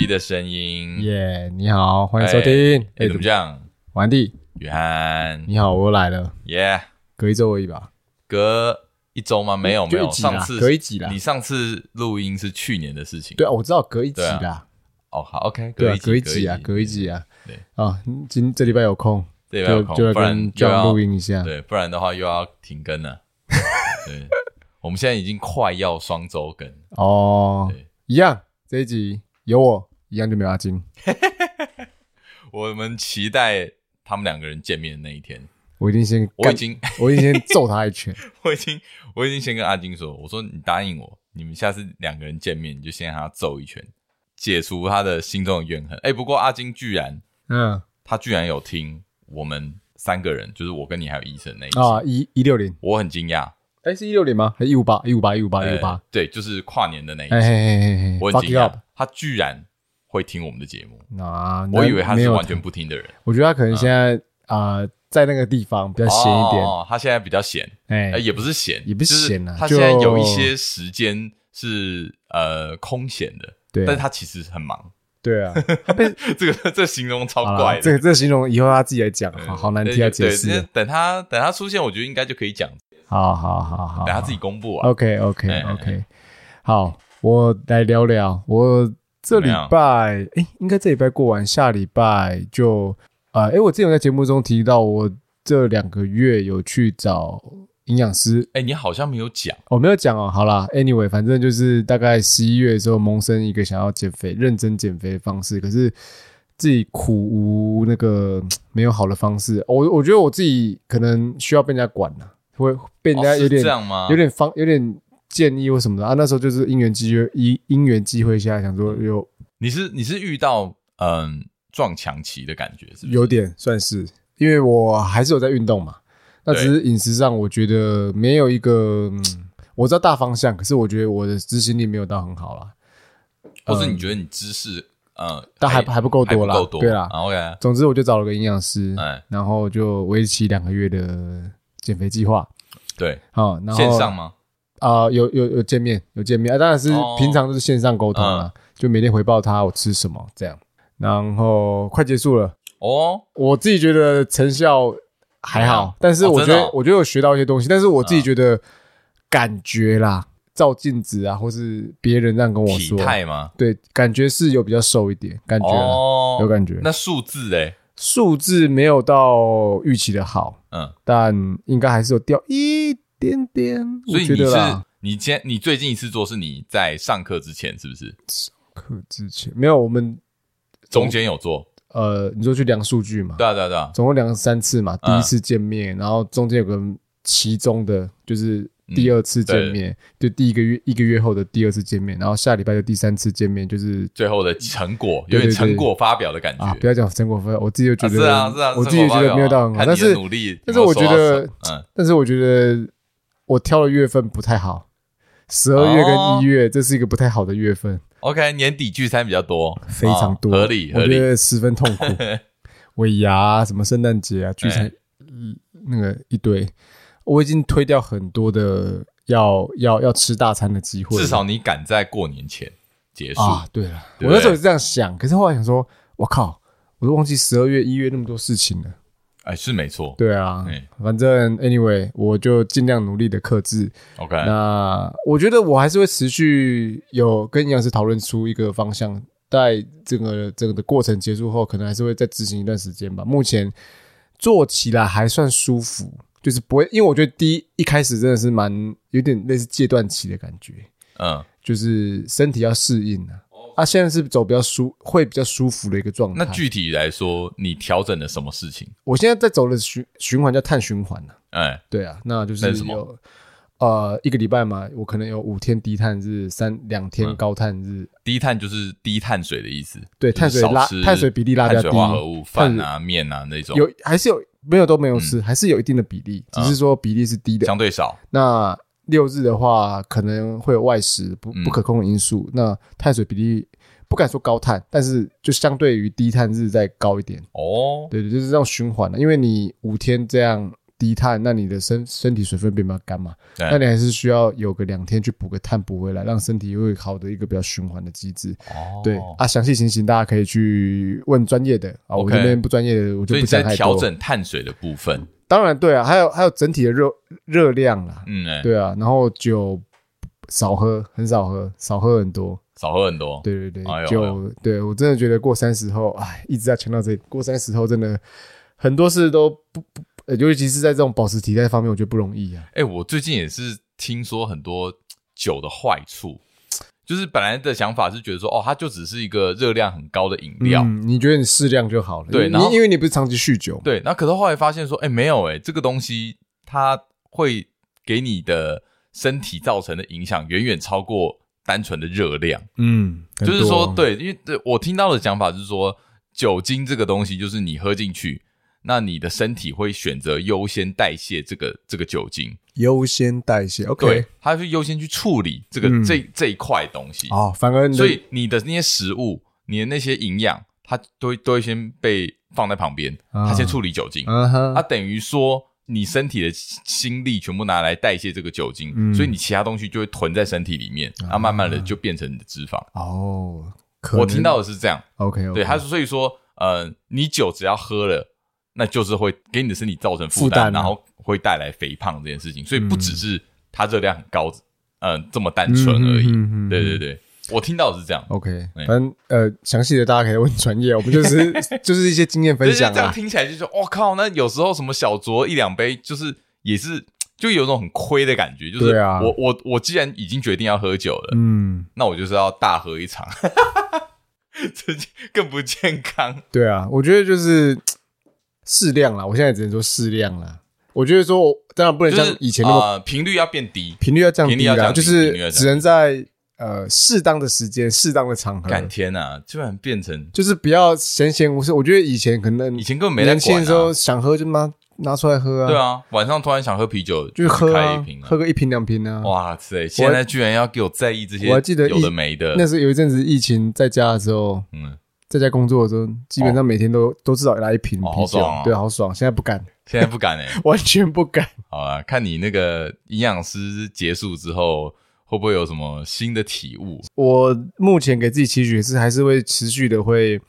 機的聲音耶！Yeah, 你好，歡迎收聽。哎、欸欸，怎麼這樣？王弟、雨涵，你好，我又來了耶！Yeah. 隔一周而已吧。隔一周嗎？沒有，沒、欸、有，上次隔一集了。你上次錄音是去年的事情，對、啊，我知道隔一集的。哦、啊，好、oh，OK，對、啊啊、對，隔一集啊，隔一集啊，對啊，今這禮拜有空，對，就就要錄音一下，對，不然的話又要停更了。 對，我們現在已經快要雙周更哦、 oh，一樣這一集。有我一樣就沒有阿金， 我們期待他們兩個人見面的那一天。我一定先，我已經， 我已經先揍他一拳。 我已經，我已經先跟阿金說，我說你答應我，你們下次兩個人見面，你就先讓他揍一拳，解除他的心中的怨恨。哎、欸，不過阿金居然，嗯，他居然有聽我們三個人，就是我跟你還有醫生那一集啊，一一六零，我很驚訝。哎、欸，是一六零嗎？還是一五八，一五八，一五八，一五八。對，就是跨年的那一期，欸，我很驚訝，他居然會聽我們的節目。啊，我以為他是完全不聽的人。我覺得他可能現在啊、呃呃，在那個地方比較閒一點哦哦。哦，他現在比較閒，哎、欸，也不是閒，也不是閒，啊就是，他現在有一些時間是呃空閒的，對、啊。但是他其實很忙。對啊，對啊 這個這個，形容超怪的。這個、這個、形容以後他自己來講，好好難聽啊，解釋。對等他等他出現，我覺得應該就可以講。好好好好，等下自己公布啊。OK OK 欸欸欸 OK，好，我來聊聊。我這禮拜哎、欸，應該這禮拜過完，下禮拜就啊哎、呃欸，我自己有在節目中提到，我這兩個月有去找營養師。哎、欸，你好像沒有講，我、哦、沒有講哦。好啦 a n y、anyway, w a y 反正就是大概十一月的時候萌生一個想要減肥、認真減肥的方式，可是自己苦無那個沒有好的方式。我我覺得我自己可能需要被人家管了、啊。會被人家有點、哦、有點方有點建議或什麼的啊！那時候就是因緣機緣因因緣機會下想說有，你是你是遇到，嗯撞、呃、牆期的感覺是不是？有點算是，因為我還是有在運動嘛，那只是飲食上我覺得沒有一個、嗯、我知道大方向，可是我覺得我的執行力沒有到很好啦。或是你覺得你知識呃還但還還不夠多啦？還不夠多對啦、啊 okay、總之我就找了一個營養師，哎、然後就維持兩個月的。減肥計劃，對，然後，線上嗎？啊、呃，有有有見面，有見面啊，當然是、哦、平常都是線上溝通啊，嗯、就每天回報他我吃什麼這樣，然後快結束了哦。我自己覺得成效還好，啊、但是我覺得、哦、我覺得有學到一些東西，但是我自己覺得感覺啦，哦、照鏡子啊，或是別人這樣跟我說，體態嗎？對，感覺是有比較瘦一點，感覺、啊哦、有感覺。那數字哎。數字沒有到預期的好，嗯，但應該還是有掉一點點。所以你是你今你最近一次做是？你在上課之前是不是？上課之前沒有，我們中間有做。呃，你說去量數據嘛。對啊，對啊，對啊，總共量了三次嘛。第一次見面，嗯、然後中間有個其中的，就是。第二次見面，嗯、就第一個月一個月後的第二次見面，然後下禮拜就第三次見面，就是最後的成果，有點成果發表的感覺。對對對啊，不要講成果、分、啊啊啊、成果發表，我自己就覺得是啊是啊，我自己覺得沒有到很好，但是努力，但是我覺得、嗯，但是我覺得我挑的月份不太好，十二月跟一月、哦，這是一個不太好的月份。OK，年底聚餐比較多、哦，非常多，合理合理，我覺得十分痛苦， 尾牙什麼聖誕節啊聚餐、欸嗯，那個一堆。我已經推掉很多的要要要吃大餐的機會，至少你趕在過年前結束啊！對了，對我那時候也是這樣想，可是後來想說，我靠，我都忘記十二月、一月那麼多事情了。哎，是沒錯，對啊，哎，反正 anyway，我就盡量努力的克制。OK，那我覺得我還是會持續有跟營養師討論出一個方向，在這個整個的過程結束後，可能還是會再執行一段時間吧。目前做起來還算舒服。就是不會，因為我覺得第一一開始真的是蠻有點類似戒斷期的感覺，嗯，就是身體要適應啊。哦，啊，現在是走比較舒，會比較舒服的一個狀態。那具體來說，你調整了什麼事情？我現在在走的循循環叫碳循環呢、啊。哎、欸，對啊，那就是有，那是什麼？呃，一個禮拜嘛，我可能有五天低碳日，三兩天高碳日、嗯。低碳就是低碳水的意思。對，碳水拉，碳水比例拉比較低。碳水化合物，飯啊面啊那種，有還是有。沒有都沒有吃，嗯，還是有一定的比例，只是說比例是低的，嗯，相對少。那六日的話，可能會有外食，不不可控的因素。嗯，那碳水比例不敢說高碳，但是就相對於低碳日再高一點。哦，對對，就是這樣循環的，啊，因為你五天這樣。低碳，那你的身身體水分變比較乾嘛？那你還是需要有個兩天去補個碳補回來，讓身體會好的一個比較循環的機制。哦，對啊，詳細情形大家可以去問專業的啊、okay，我這邊不專業的，我就不展開。在調整碳水的部分，當然對啊，還有還有整體的熱熱量啦，嗯、哎，對啊，然後酒少喝，很少喝，少喝很多，少喝很多，對對對，哎呦哎呦，就對我真的覺得過三十後，哎，一直在強調這過三十後真的很多事都不。呃，尤其是在這種保持體態方面，我覺得不容易啊、欸。誒我最近也是聽說很多酒的壞處，就是本來的想法是覺得說，哦，它就只是一個熱量很高的飲料、嗯，你覺得你適量就好了。對，因為你不是長期酗酒，對，那可是後來發現說，哎、欸，沒有、欸，哎，這個東西它會給你的身體造成的影響遠遠超過單純的熱量。嗯，就是說，對，因為我聽到的講法是說，酒精這個東西就是你喝進去。那你的身體會選擇優先代謝這個這個酒精，優先代謝，OK，它是優先去處理這個、嗯、這這一塊東西啊、哦，反而所以你的那些食物，你的那些營養，它都都會先被放在旁邊，它、哦、先處理酒精，它、uh -huh 啊、等於說你身體的心力全部拿來代謝這個酒精，嗯、所以你其他東西就會囤在身體裡面，uh -huh、啊，慢慢的就變成你的脂肪哦，可以。我聽到的是這樣 okay,，OK，對，它所以說呃，你酒只要喝了，那就是會給你的身體造成負擔，然後會帶來肥胖這件事情。所以不只是它熱量很高，嗯，呃、這麼單純而已、嗯嗯嗯嗯。對對對，我聽到的是這樣。OK，、嗯、反正呃，詳細的大家可以問專業、哦。我不就是就是一些經驗分享 就這樣聽起來就說、是、我、哦、靠，那有時候什麼小酌一兩杯、就是，就是也是就有一種很虧的感覺。就是對啊，我我我既然已經決定要喝酒了，嗯，那我就是要大喝一場， 更不健康。對啊，我覺得就是。適量啦，我現在只能說適量啦。我覺得說，當然不能像以前那麼、就是呃、頻率要變低，頻率要降低，頻率要降低，就是只能在呃適當的時間、適當的場合。感天吶、啊，基本上變成就是比較閒閒無事。我覺得以前可能以前根本沒人管，啊，年輕的時候想喝就拿拿出來喝啊。對啊，晚上突然想喝啤酒就喝，啊，就開一瓶，喝個一瓶兩瓶啊。哇塞，現在居然要給我在意這些有的沒的我，我還記得有的沒的。那時候有一陣子疫情在家的時候，嗯。在家工作的時候，基本上每天都，哦，都至少來一瓶啤酒，哦好爽啊，對，好爽。現在不敢，現在不敢哎， 完全不敢。好啊，看你那個營養師結束之後，會不會有什麼新的體悟？我目前給自己期許是還是會持續的會，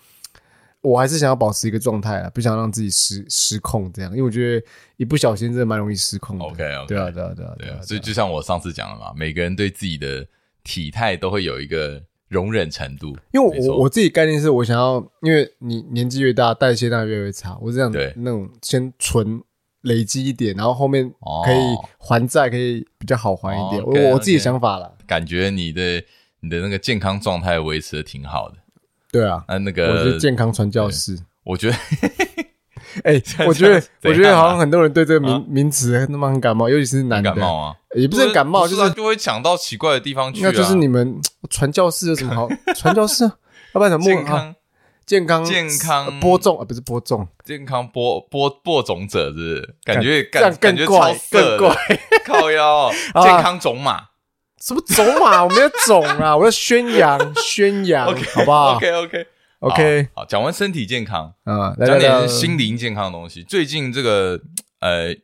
我還是想要保持一個狀態啊，不想讓自己失失控這樣，因為我覺得一不小心真的蠻容易失控的。OK，okay，對啊，對啊，對啊，對啊。所以就像我上次講的嘛，每個人對自己的體態都會有一個。容忍程度，因為我我自己概念是我想要，因為你年紀越大，代謝量越來越差。我是這樣，對那種先存累積一點，然後後面可以還債、哦，可以比較好還一點。哦、okay, 我我自己想法啦。感覺你的你的那個健康狀態維持的挺好的。對啊，那、那個我，我覺得健康傳教士，我覺得。哎、欸，我覺得、啊，我覺得好像很多人對這個名、啊、名詞那麼很感冒，尤其是男的感冒啊，也不是感冒，是就是，是就會講到奇怪的地方去、啊。那就是你們傳教士有什麼好？傳 教士室， 要不然麼、啊、健康、啊、健康健康、啊、播種啊，不是播種，健康播播播種者是，不是，感覺感更怪感覺超更怪，靠腰 健康種馬、啊、什麼種馬？我沒有種啊，我要宣揚 宣揚，okay, 好不好？OK OK。OK，好，講完身體健康啊，來來來，講點心靈健康的東西。最近這個呃，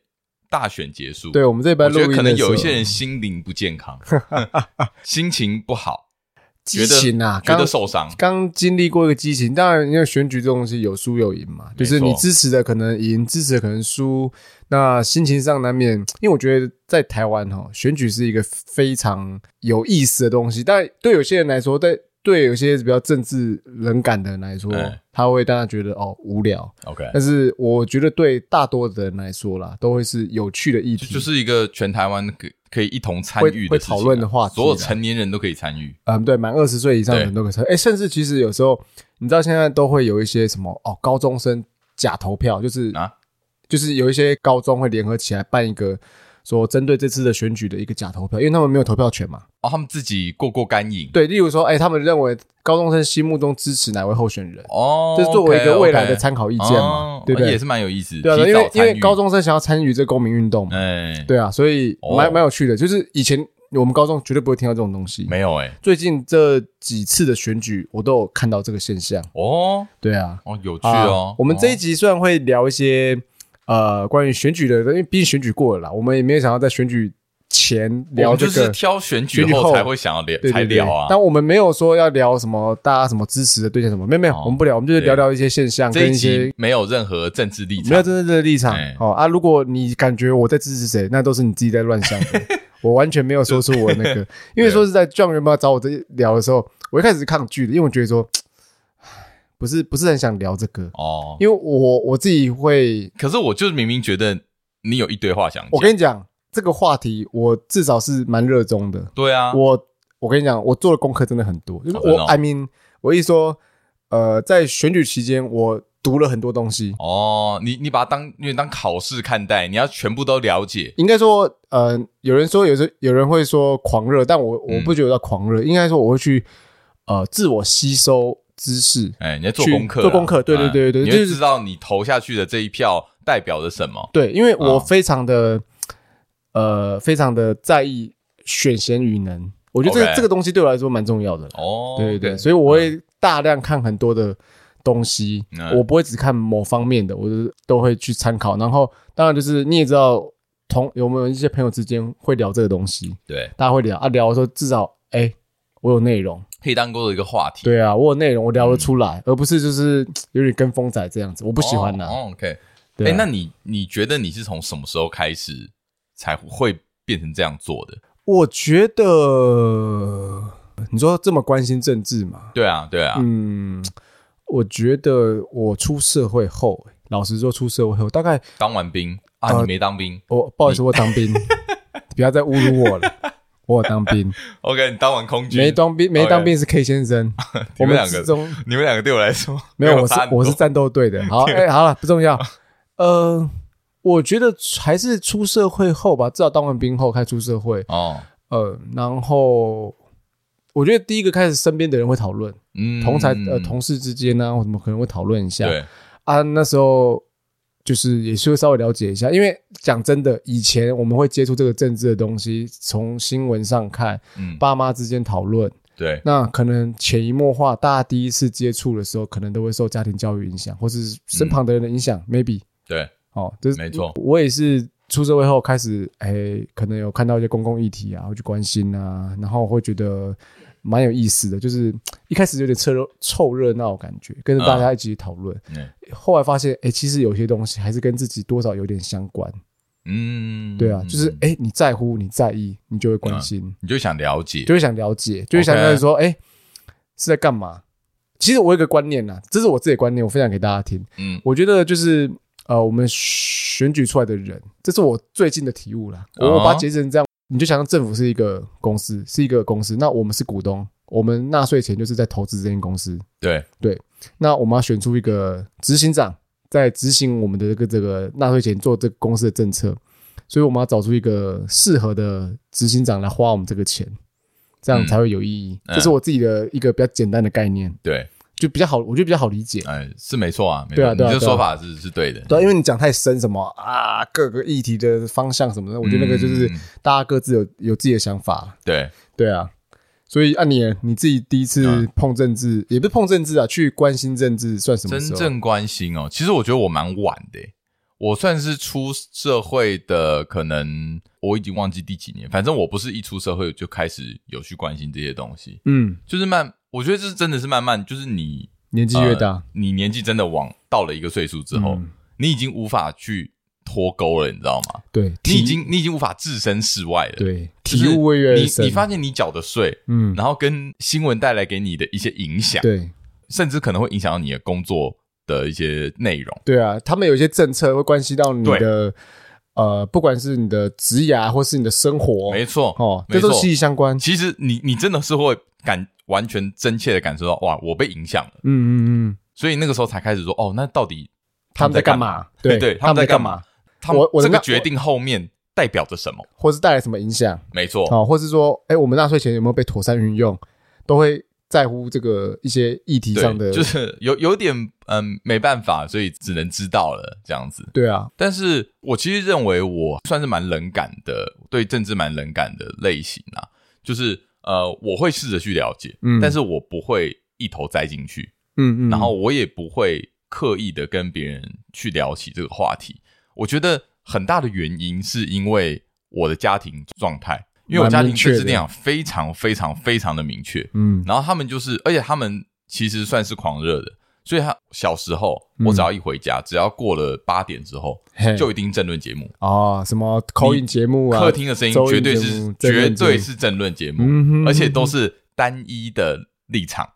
大選結束，對，我們這一班就有可能有一些人心靈不健康 呵呵，心情不好，激情啊，覺得，覺得受傷。剛經歷過一個激情，當然，因為選舉這東西有輸有贏嘛，就是你支持的可能贏，支持的可能輸，那心情上難免。因為我覺得在台灣哈，選舉是一個非常有意思的東西，但對有些人來說，對。對有些比較政治冷感的人來說，嗯、他會大家覺得哦無聊。OK，但是我覺得對大多的人來說啦，都會是有趣的議題。就是一個全台灣可可以一同參與的會、會討論的話題，所有成年人都可以參與。嗯，對，滿二十歲以上的人都可以參與。哎，甚至其實有時候，你知道現在都會有一些什麼哦，高中生假投票，就是啊，就是有一些高中會聯合起來辦一個。說針對這次的選舉的一個假投票，因為他們沒有投票權嘛。哦，他們自己過過乾癮。對，例如說，哎，他們認為高中生心目中支持哪位候選人？哦，這、就是作為一個未來的參考意見嘛，哦、對不對？也是蠻有意思。對、啊，因為因為高中生想要參與這公民運動，哎，對啊，所以蠻、哦、蠻有趣的。就是以前我們高中絕對不會聽到這種東西，沒有哎。最近這幾次的選舉，我都有看到這個現象。哦，對啊，哦，有趣哦。啊、哦我們這一集雖然會聊一些。呃，關於選舉的，因為畢竟選舉過了啦，我們也沒有想要在選舉前聊這個，就是挑選舉後，選舉後才會想要聊。對對對，才聊啊。但我們沒有說要聊什麼，大家什麼支持的對象什麼，沒沒有、哦，我們不聊，我們就是聊聊一些現象，跟一些這一集沒有任何政治立場，沒有政治立場。好、哦、啊，如果你感覺我在支持誰，那都是你自己在亂想， 我完全沒有說出我的那個，因為說是在狀元吧找我在聊的時候，我一開始抗拒的，因為我覺得說。不是不是很想聊這個哦，因為我我自己會，可是我就是明明覺得你有一堆話想講。我跟你講，這個話題我至少是蠻熱衷的。對啊，我我跟你講，我做的功課真的很多。Oh, 我、no. I mean，我一說，呃，在選舉期間，我讀了很多東西。哦，你你把它當，因為當考試看待，你要全部都了解。應該說，呃，有人說有時有人會說狂熱，但我我不覺得叫狂熱、嗯。應該說，我會去呃自我吸收。知識，哎、欸，你要做，做功課，做功課，對對對對，你就知道你投下去的這一票代表着什麼。就是、對，因為我非常的，嗯、呃，非常的在意選賢與能，我覺得這個 okay. 這個東西對我來說蠻重要的。哦，對對對，okay. 所以我會大量看很多的東西，嗯、我不會只看某方面的，我就都會去參考。然後，當然就是你也知道同，同有沒有一些朋友之間會聊這個東西？對，大家會聊啊，聊的時候至少，哎、欸，我有內容。可以當做一個話題，對啊，我有內容我聊得出來、嗯，而不是就是有點跟風仔這樣子，我不喜歡的、啊。Oh, OK，對、啊欸、那你你覺得你是從什麼時候開始才會變成這樣做的？我覺得，你說這麼關心政治嘛？對啊，對啊。嗯，我覺得我出社會後，老實說，出社會後大概當完兵啊、呃，你沒當兵？我、哦、不好意思，我當兵， 不要再侮辱我了。 我當兵 ，OK，你當完空軍，沒當兵，沒當兵是 K 先生。Okay. 們兩我們兩個，你們兩個對我來說，沒有，我是我是戰鬥隊的。好，欸、好了，不重要。呃，我覺得還是出社會後吧，至少當完兵後開始出社會哦。呃，然後我覺得第一個開始，身邊的人會討論，嗯、同才呃同事之間呢、啊，我怎麼可能會討論一下？對啊，那時候。就是也是會稍微了解一下，因為講真的，以前我們會接觸這個政治的東西，從新聞上看，嗯、爸媽之間討論，對，那可能潛移默化，大家第一次接觸的時候，可能都會受家庭教育影響，或是身旁的人的影響、嗯、，maybe，對，哦，這、是沒錯。我也是出社會後開始，哎，可能有看到一些公共議題啊，會去關心啊，然後會覺得。蠻有意思的，就是一開始有點湊熱湊熱鬧的感覺，跟着大家一起討論，嗯，後來發現，哎、欸，其實有些東西還是跟自己多少有點相關。嗯，對啊，就是哎、欸，你在乎，你在意，你就會關心，嗯，你就想了解，就會想了解，就會想到說，哎、okay. 欸，是在幹嘛？其實我有個觀念吶、啊，這是我自己的觀念，我分享給大家聽。嗯，我覺得就是呃，我們選舉出來的人，這是我最近的體悟啦，我把它結成這樣。哦你就想政府是一個公司，是一個公司，那我們是股東，我們納稅錢就是在投資這間公司。對對，那我們要選出一個執行長，在執行我們的這個這個納稅錢做這個公司的政策，所以我們要找出一個適合的執行長來花我們這個錢，這樣才會有意義。嗯，嗯。這是我自己的一個比較簡單的概念。對。就比較好，我覺得比較好理解。哎、欸，是沒錯啊，沒錯你啊，啊你這說法是對、啊對啊、是對的。對、啊，因為你講太深，什麼啊，各個議題的方向什麼的，嗯、我覺得那個就是大家各自有有自己的想法。對，對啊。所以啊你，你你自己第一次碰政治，嗯，也不是碰政治啊，去關心政治算什麼，真正關心哦。其實我覺得我蠻晚的，我算是出社會的，可能我已經忘記第幾年。反正我不是一出社會就開始有去關心這些東西。嗯，就是慢。我覺得這是真的是慢慢，就是你年紀越大，呃、你年紀真的往到了一個歲數之後、嗯，你已經無法去脫鈎了，你知道嗎？對，你已經你已經無法置身事外了。對，就是、你體你你發現你繳的稅，嗯，然後跟新聞帶來給你的一些影響，對，甚至可能會影響到你的工作的一些內容。對啊，他們有一些政策會關係到你的。對呃，不管是你的職業啊，或是你的生活，沒錯，哦，沒錯，這都息息相關。其實你，你真的是會感，完全真切的感受到，哇，我被影響了。嗯嗯嗯。所以那個時候才開始說，哦，那到底他們在幹嘛？幹嘛，對對，嘛對，他們在幹嘛？他們這個決定後面代表着什麼，或是帶來什麼影響？沒錯，哦，或是說，哎，我們納稅錢有沒有被妥善運用？都會。在乎這個一些議題上的，就是有有點嗯沒辦法，所以只能知道了這樣子。對啊，但是我其實認為我算是蠻冷感的，對政治蠻冷感的類型啊。就是呃，我會試着去了解，嗯，但是我不會一頭栽進去，嗯，嗯嗯，然後我也不會刻意的跟別人去聊起這個話題。我覺得很大的原因是因為我的家庭狀態。因為我家庭對那樣非常非常非常的明確，嗯，然後他們就是，而且他們其實算是狂熱的，所以他小時候，我只要一回家，嗯、只要過了八點之後，就一定政論節目啊，哦，什麼口音節目啊，客廳的聲音絕對是政論節目，絕對是政論節目，嗯哼嗯哼嗯哼，而且都是單一的立場，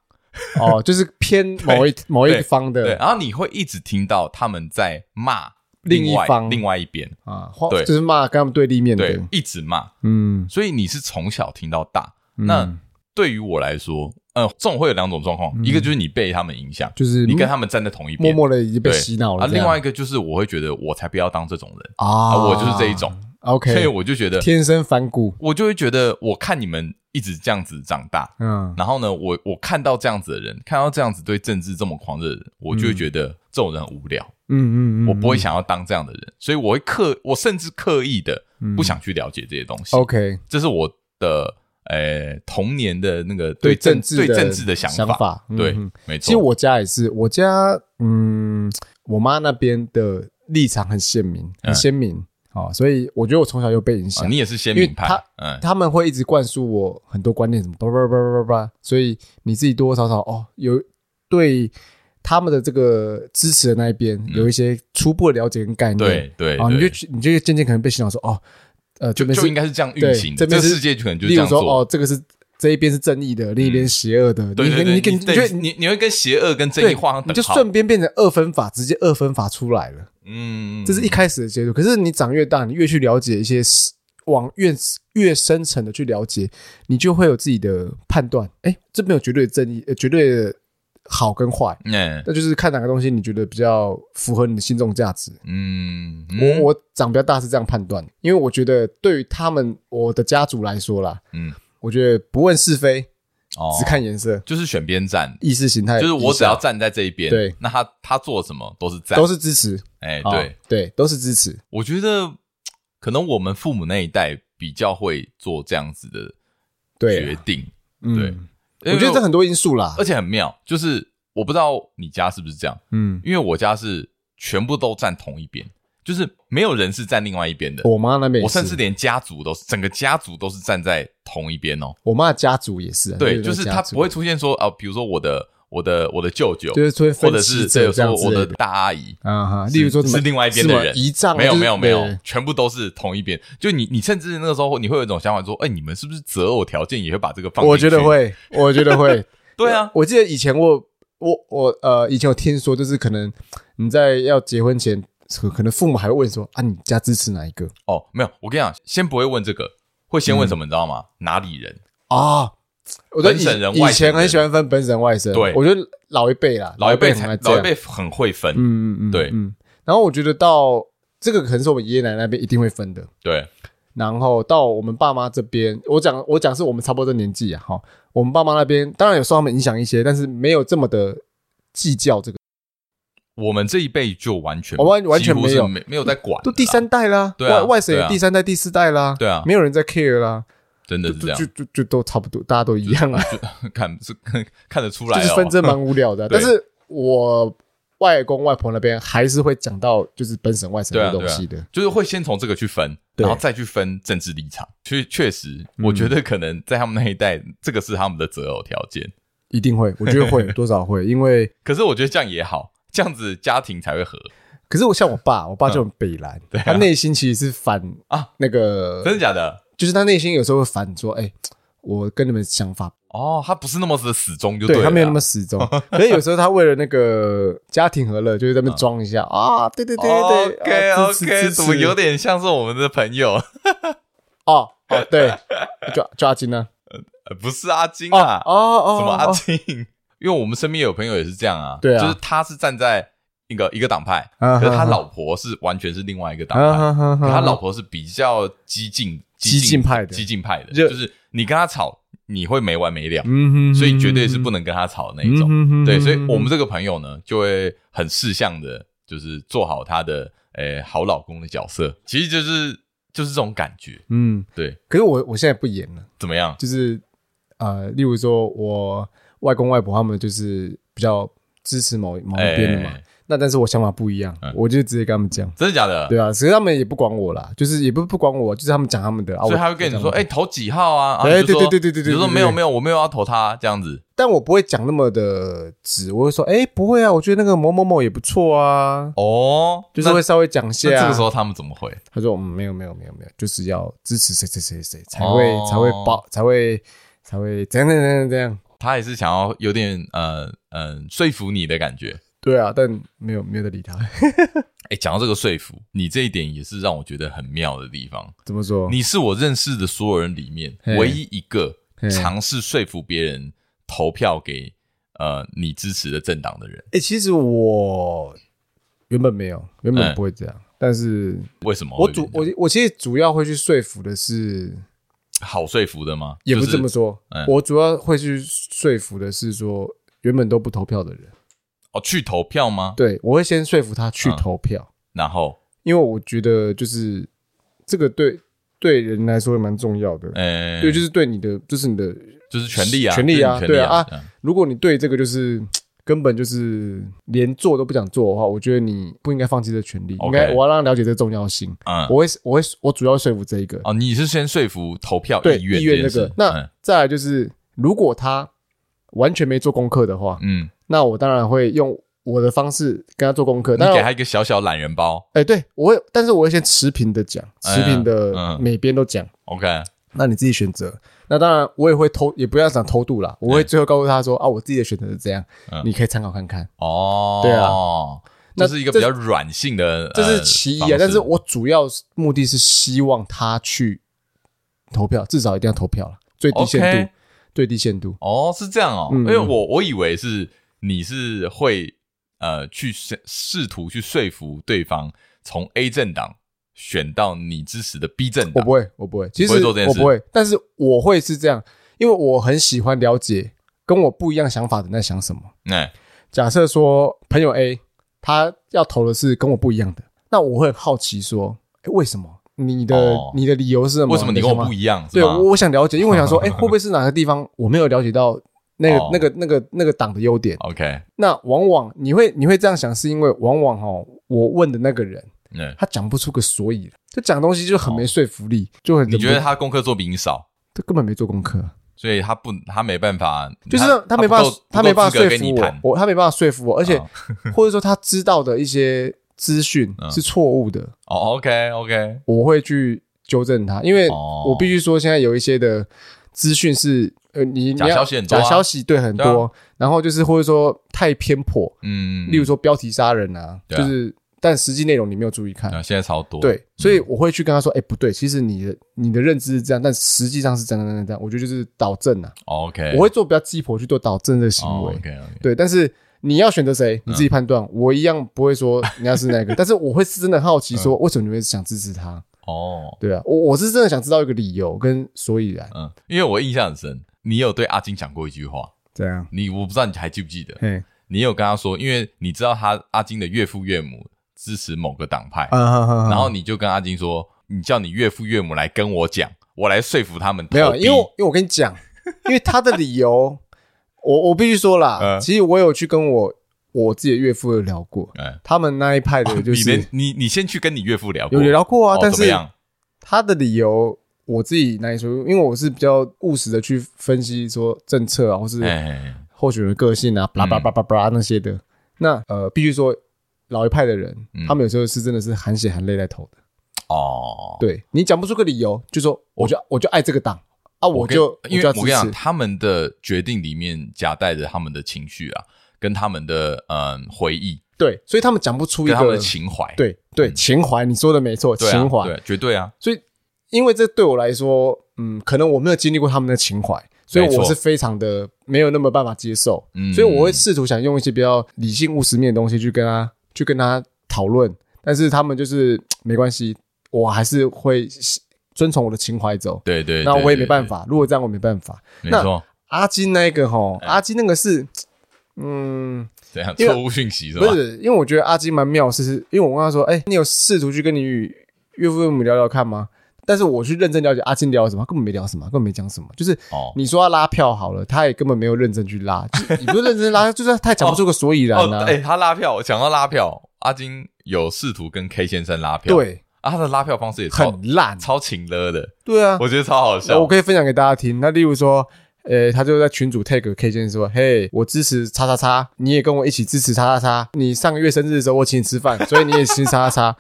哦，就是偏某一某一方的對，對，然後你會一直聽到他們在罵。另，外另一方，另外一邊啊，對，就是罵跟他們對立面的，一直罵，嗯，所以你是從小聽到大。嗯、那對於我來說，嗯、呃，這種會有兩種狀況、嗯，一個就是你被他們影響，就是你跟他們站在同一邊，默默的已經被洗腦了、啊，另外一個就是我會覺得，我才不要當這種人啊，啊，我就是這一種，OK，所以我就覺得天生反骨，我就會覺得，我看你們一直這樣子長大，嗯，然後呢，我我看到這樣子的人，看到這樣子對政治這麼狂熱的人，我就會覺得這種人很無聊。嗯嗯，嗯，嗯嗯，我不會想要當這樣的人，所以我會刻，我甚至刻意的不想去了解這些東西。嗯、OK，這是我的、欸、童年的那個對，正對政治、的想法。嗯嗯對，沒錯。其實我家也是，我家嗯，我媽那邊的立場很鮮明，很鮮明啊、嗯哦，所以我覺得我從小就被影響、啊。你也是鮮明派，嗯，他們會一直灌輸我很多觀念，什麼叭、嗯、所以你自己多多少少哦有對。他們的這個支持的那一邊有一些初步的了解跟概念，嗯、對對,對啊，你就你就漸漸可能被洗腦說哦，呃，這邊就,就應該是這樣運行，這邊、這個、世界就可能就是這樣例如說哦，這個是這一邊是正義的，嗯、另一邊邪惡的，對對對,對，你覺得你你,你,你,你,你會跟邪惡跟正義畫上等號，你就順便變成二分法，直接二分法出來了，嗯，這是一開始的階段，可是你長越大，你越去了解一些往越越深層的去了解，你就會有自己的判斷，哎，這沒有絕對的正義，呃，絕對的。好跟壞，那、嗯、那就是看哪個東西你覺得比較符合你的心中價值。嗯，嗯，我我長比較大是這樣判斷，因為我覺得對於他們我的家族來說啦，嗯，我覺得不問是非，哦、只看顏色，就是選邊站，意識形態就是我只要站在這一邊、啊，對，那他他做什麼都是這樣，都是支持。哎、欸，對、哦、對，都是支持。我覺得可能我們父母那一代比較會做這樣子的決定，對、啊。嗯對我覺得這很多因素啦，而且很妙，就是我不知道你家是不是這樣，嗯，因為我家是全部都站同一邊，就是沒有人是站另外一邊的。我媽那邊，我甚至連家族都是，整個家族都是站在同一邊哦。我媽的家族也是，對，就是他不會出現說，哦、呃，比如說我的。我的我的舅舅，就是、者或者是這我的大阿姨，啊哈，例如說是另外一邊的人，仗、啊、沒有、就是、沒有沒有，全部都是同一邊。就你你甚至那個時候，你會有一種想法說，哎、欸，你們是不是擇偶條件也會把這個放？我覺得會，我覺得會， 對啊。我記得以前我我我呃，以前我聽說就是可能你在要結婚前，可能父母還會問說啊，你家支持哪一個？哦，沒有，我跟你講，先不會問這個，會先問什麼，嗯、你知道嗎？哪裡人啊？我覺得以以前很喜歡分本省外省，對，我覺得老一輩啦，老一輩才一輩，這一輩很會分，嗯嗯嗯，對、嗯，嗯。然後我覺得到這個可能是我們爺爺奶奶那邊一定會分的，對。然後到我們爸媽這邊，我講我講是我們差不多的年紀啊，哈，我們爸媽那邊當然有受他們影響一些，但是沒有這麼的計較這個。我們這一輩就完全，我、哦、們完全沒有是沒有在管，都第三代啦，對啊、外外省第三代、啊、第四代啦，對啊，沒有人在 care 啦。真的是這樣，就就就，就都差不多，大家都一樣啊。看是看看得出來，其實紛爭蠻無聊的。 但是我外公外婆那邊還是會講到，就是本省外省的東西的對、啊對啊，就是會先從這個去分，對然後再去分政治立場。所以確實、嗯，我覺得可能在他們那一代，這個是他們的擇偶條件，一定會。我覺得會多少會， 因為，可是我覺得這樣也好，這樣子家庭才會和。可是我像我爸，我爸就很北藍、嗯、對、啊。他內心其實是反、那個、啊，那個真的假的？就是他內心有時候會反作，哎、欸，我跟你們想法哦，他不是那麼的死忠，就對，了對他沒有那麼死忠。所 以有時候他為了那個家庭和樂，就在那裝一下、嗯、啊，對對對對對，OK、啊、OK，怎麼有點像是我們的朋友？ 哦哦，對，抓抓阿金呢？呃，不是阿金啊，哦哦，什麼阿金？哦哦哦、 因為我們身邊有朋友也是這樣啊，對啊，就是他是站在一個一個黨派， 可是他老婆是完全是另外一個黨派， 他，老黨派 他老婆是比較激進。”激進派的，激進派的就，就是你跟他吵，你會沒完沒了，嗯哼嗯哼嗯哼，所以你絕對是不能跟他吵的那一種。對，所以我們這個朋友呢，就會很適向的，就是做好他的誒、欸、好老公的角色，其實就是就是這種感覺。嗯，對。可是我我現在不演了，怎麼樣？就是呃，例如說我外公外婆他們就是比較支持某某一邊的嘛？欸欸欸欸那但是我想法不一樣，嗯、我就直接跟他們講，真的假的？對啊，其實他們也不管我啦，就是也不是不管我，就是他們講他們的、啊、所以他會跟你講說，哎、欸，投幾號啊？哎、啊，對對對對對對,對,對,對,對,對,對,對，就說沒有沒有,沒有，我沒有要投他這樣子。但我不會講那麼的直，我會說，哎、欸，不會啊，我覺得那個某某某也不錯啊。哦，就是會稍微講一下、啊。這個時候他們怎麼回？他說，嗯，沒有沒有沒有沒有，就是要支持誰誰誰誰才會、哦、才會報才會才會怎樣怎樣,樣這樣。他也是想要有點呃、呃、說服你的感覺，對啊，但沒有沒有在理他。哎 欸，講到這個說服你這一點，也是讓我覺得很妙的地方。怎麼說？你是我認識的所有人裡面唯一一個嘗試說服別人投票給呃、你支持的政黨的人。哎、欸，其實我原本沒有，原本不會這樣，嗯、但是為什麼？我主我我其實主要會去說服的是。好說服的嗎？就是，也不是這麼說，嗯，我主要會去說服的是說原本都不投票的人，哦，去投票嗎？對，我會先說服他去投票，嗯，然後，因為我覺得就是這個對對人來說也蠻重要的，嗯、欸欸欸，對，就是對你的，就是你的，就是權利啊，權利啊，啊，對啊，啊、嗯，如果你對這個就是。根本就是連做都不想做的話，我覺得你不應該放棄這權利。OK，我要讓他了解這重要性。嗯、我會我會我主要說服這一個。哦，你是先說服投票意願那個、嗯。那再來就是，如果他完全沒做功課的話，嗯，那我當然會用我的方式跟他做功課。你給他一個小小懶人包。哎、欸，對我會，但是我會先持平的講，持平的每邊都講、嗯嗯。OK。那你自己選擇。那當然，我也會偷，也不要想偷渡了。我會最後告訴他說、欸：“啊，我自己的選擇是這樣、嗯，你可以參考看看。”哦，對啊，這是一個比較軟性的，這，呃、這是其一啊。但是我主要目的是希望他去投票，至少一定要投票了，最低限度，最低限度、okay、最低限度。哦，是這樣哦，嗯、因為我我以為是你是會呃去試試圖去說服對方從 A 政黨。選到你支持的 B 政黨。我不會，我不會。其實你不會做這件事？我不會，但是我會是這樣，因為我很喜歡了解跟我不一樣想法的在想什麼。那、欸、假設說朋友 A 他要投的是跟我不一樣的，那我會好奇說，欸、為什麼你的、哦、你的理由是什麼？為什麼你跟我不一樣？對，我我想了解，因為我想說，哎、 欸，會不會是哪個地方我沒有了解到那個、哦、那個那個那個黨的優點？OK，那往往你會你會這樣想，是因為往往哦，我問的那個人。嗯、他講不出個所以，他講東西就很沒說服力，哦、就很。你覺得他功課做比你少？他根本沒做功課，所以他不，他沒辦法，就是他，他沒辦法，他，他，他沒辦法說服我，我，他沒辦法說服我，哦、而且 或者說他知道的一些資訊是錯誤的。哦，OK，OK，、okay, okay、我會去糾正他，因為我必須說，現在有一些的資訊是呃，你假消息很多、啊、假消息對很多對、啊，然後就是或者說太偏頗，嗯，例如說標題殺人啊，啊，就是。但實際內容你沒有注意看啊！現在超多對、嗯，所以我會去跟他說：“哎、欸，不對，其實你的你的認知是這樣，但實際上是這樣是這樣是這樣，我覺得就是導正啊。OK，我會做比較雞婆去做導正的行為。Oh, okay, OK，對。但是你要選擇誰，你自己判斷、嗯。我一樣不會說你要是那個， 但是我會是真的好奇，說為什麼你會想支持他？哦、嗯，對啊，我我是真的想知道一個理由跟所以然。嗯，因為我印象很深，你有對阿金講過一句話。這樣，你我不知道你還記不記得？嗯，你有跟他說，因為你知道他阿金的岳父岳母，支持某個黨派，嗯、然後你就跟阿金說，你叫你岳父岳母來跟我講，我來說服他們。沒有，因為因為我跟你講， 因為他的理由， 我我必須說啦、呃。其實我有去跟我我自己的岳父有聊過、呃，他們那一派的就是、哦、你你你先去跟你岳父聊過，有聊過啊。哦、但是他的理由，我自己難以說，因為我是比較務實的去分析說政策啊，或是候選人個性啊，叭叭叭叭那些的。那呃，必須說。老一派的人、嗯，他們有時候是真的是含血含淚在投的哦。對你講不出個理由，就說我就我，我就愛這個黨啊我，我就因為我，就我跟你講，他們的決定裡面夾帶着他們的情緒啊，跟他們的嗯回憶。對，所以他們講不出一個跟他們的情懷。對對、嗯，情懷，你說的沒錯，對啊、情懷對、啊對啊、絕對啊。所以因為這對我來說，嗯，可能我沒有經歷過他們的情懷，所以我是非常的沒有那麼辦法接受。嗯，所以我會試圖想用一些比較理性務實面的東西去跟他。去跟他討論，但是他們就是沒關係，我還是會遵從我的情懷走。對對，對，那我也沒辦法。對對對對對對，如果這樣，我沒辦法。那阿金那個吼，阿金那,、哎、那個是嗯，怎樣、啊、錯誤訊息是吧？不是，因為我覺得阿金蠻妙，是是，因為我問他說：“哎、欸，你有試圖去跟你與岳父岳母聊聊看嗎？”但是我去認真了解阿金聊什麼，根本沒聊什麼，根本沒講什麼。就是哦，你說他拉票好了，他也根本沒有認真去拉。 你不認真拉，就是他太講不出個所以然了、啊哦哦欸。他拉票，我講到拉票，阿金有試圖跟 K 先生拉票。對，啊、他的拉票方式也超很爛，超情勒的。對啊，我覺得超好笑。我可以分享給大家聽。那例如說，呃、欸，他就在群組 tag K 先生說：“嘿、hey，我支持叉叉叉，你也跟我一起支持叉叉叉。你上個月生日的時候，我請你吃飯，所以你也吃叉叉叉。”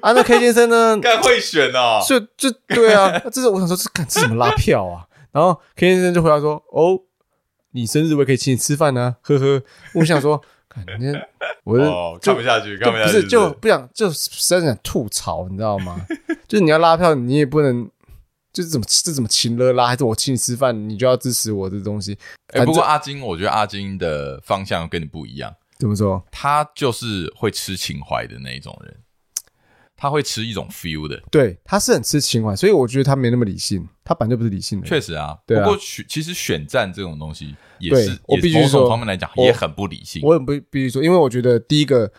啊，那 K 先生呢？該會選哦就。就就對啊，啊，這是我想說，這敢吃什麼拉票啊？ 然後 K 先生就回答說：“哦，你生日我也可以請你吃飯呢。”呵呵，我想說，感覺我看不下去，看不下去。就不，下去就不是就不想，就實在想吐槽，你知道嗎？ 就是你要拉票，你也不能就是怎麼這怎麼情了啦，還是我請你吃飯，你就要支持我的東西。欸啊、不過阿金，我覺得阿金的方向跟你不一樣。怎麼說？他就是會吃情懷的那一種人。他會吃一種 feel 的，對，他是很吃情懷，所以我覺得他沒那麼理性，他本來就不是理性的。確實啊，對啊，不過選其實選戰這種東西也是，也是我必須說從方面來講也很不理性。我也不必須說，因為我覺得第一個，